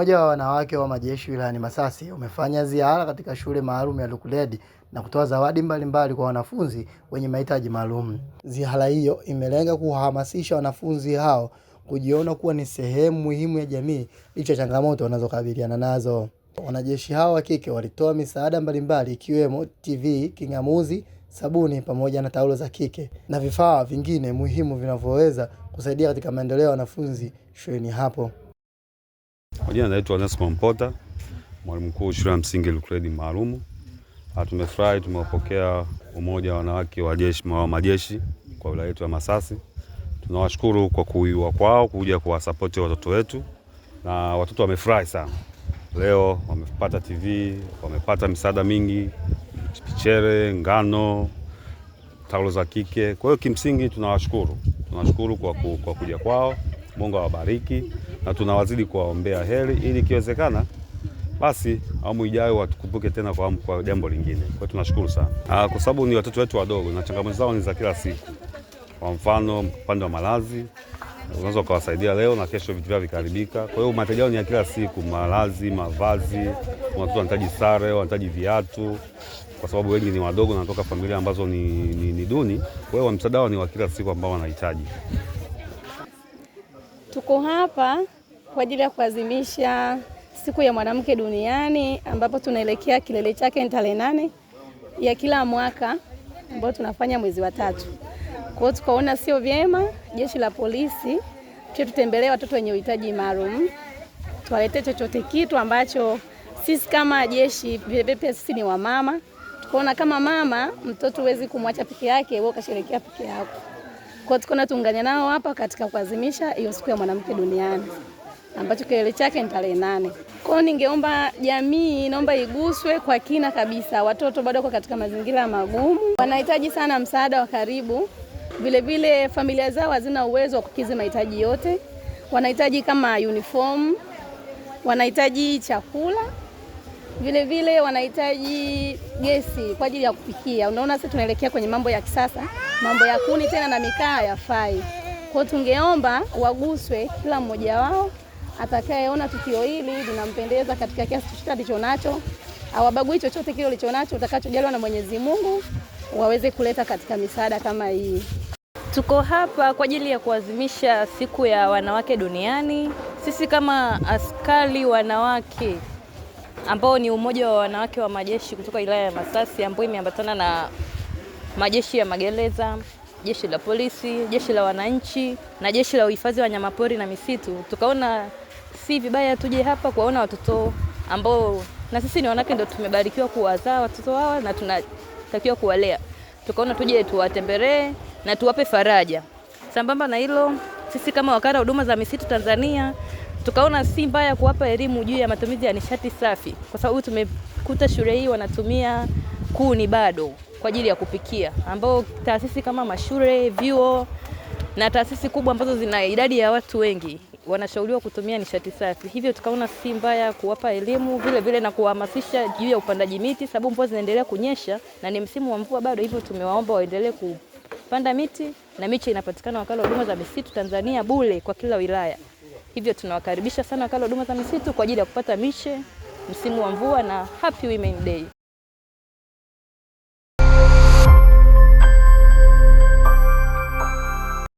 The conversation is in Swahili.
Umoja wa Wanawake wa Majeshi wilayani Masasi umefanya ziara katika shule maalum ya Lukuledi na kutoa zawadi mbalimbali mbali kwa wanafunzi wenye mahitaji maalum. Ziara hiyo imelenga kuhamasisha wanafunzi hao kujiona kuwa ni sehemu muhimu ya jamii licha ya changamoto wanazokabiliana nazo. Wanajeshi hao wa kike walitoa misaada mbalimbali ikiwemo TV, kingamuzi, sabuni pamoja na taulo za kike na vifaa vingine muhimu vinavyoweza kusaidia katika maendeleo ya wanafunzi shuleni hapo. Kwa jina naitwa Onesmo Mpota, mwalimu mkuu shule ya msingi Lukredi Maalumu. Ah, tumefurahi, tumewapokea umoja wa wanawake wa jeshi wa majeshi kwa wilaya yetu ya Masasi. Tunawashukuru kwa kuiwa kwao kuja kuwasapoti watoto wetu, na watoto wamefurahi sana leo, wamepata TV, wamepata misaada mingi, pichere ngano, taulo za kike. Kwa hiyo kimsingi tunawashukuru, tunawashukuru kwa kuja kwao. Mungu awabariki na tunawazidi kuwaombea heri, ili ikiwezekana basi awamu ijayo watukumbuke tena kwa, kwa jambo lingine. Kwa hiyo tunashukuru sana ah, kwa sababu ni watoto wetu wadogo na changamoto zao ni za kila siku. Kwa mfano upande wa malazi unaweza ukawasaidia leo na kesho vitu vyao vikaharibika. Kwa hiyo mahitaji yao ni ya kila siku, malazi, mavazi, watoto wanahitaji sare, wanahitaji viatu, kwa sababu wengi ni wadogo na wanatoka familia ambazo ni, ni, ni duni. Kwa hiyo msaada wao ni wa kila siku ambao wanahitaji. Tuko hapa kwa ajili ya kuadhimisha siku ya mwanamke duniani ambapo tunaelekea kilele chake tarehe nane ya kila mwaka ambayo tunafanya mwezi wa tatu. Kwa hiyo tukaona sio vyema jeshi la polisi pia tutembelee watoto wenye uhitaji maalum, tuwaletee chochote kitu ambacho sisi kama jeshi vilevile, pia sisi ni wamama, tukaona kama mama mtoto huwezi kumwacha peke yake, wewe ukasherekea peke yako. Kwa tuko na tuungane nao hapa katika kuadhimisha hiyo siku ya mwanamke duniani ambacho kilele chake ni tarehe nane. Kwa hiyo ningeomba jamii, naomba iguswe kwa kina kabisa. Watoto bado wako katika mazingira magumu, wanahitaji sana msaada wa karibu, vilevile familia zao hazina uwezo wa kukidhi mahitaji yote. Wanahitaji kama uniform, wanahitaji chakula vile vile wanahitaji gesi kwa ajili ya kupikia. Unaona, sasa tunaelekea kwenye mambo ya kisasa, mambo ya kuni tena na mikaa yafai Kwa tungeomba waguswe, kila mmoja wao atakayeona tukio hili linampendeza katika kiasi chochote alichonacho, awabagui chochote kile ulichonacho, utakachojaliwa na Mwenyezi Mungu, waweze kuleta katika misaada kama hii. Tuko hapa kwa ajili ya kuadhimisha siku ya wanawake duniani. Sisi kama askari wanawake ambao ni umoja wa wanawake wa majeshi kutoka wilaya ya Masasi ambao imeambatana na majeshi ya magereza, jeshi la polisi, jeshi la wananchi na jeshi la uhifadhi wa wanyamapori na misitu. Tukaona si vibaya tuje hapa kuwaona watoto ambao na sisi ni wanawake ndio tumebarikiwa kuwazaa watoto hawa na tunatakiwa kuwalea. Tukaona tuje tuwatembelee na tuwape faraja. Sambamba na hilo, sisi kama wakala huduma za misitu Tanzania tukaona si mbaya kuwapa elimu juu ya matumizi ya nishati safi, kwa sababu tumekuta shule hii wanatumia kuni bado kwa ajili ya kupikia, ambao taasisi kama mashule, vyuo na taasisi kubwa ambazo zina idadi ya watu wengi wanashauriwa kutumia nishati safi, hivyo tukaona si mbaya kuwapa elimu vile vile na kuhamasisha juu ya upandaji miti, sababu mvua zinaendelea kunyesha na ni msimu wa mvua bado, hivyo tumewaomba waendelee kupanda miti na miche inapatikana wakala huduma za misitu Tanzania bure kwa kila wilaya. Hivyo tunawakaribisha sana wakala huduma za misitu kwa ajili ya kupata miche msimu wa mvua na Happy Women Day.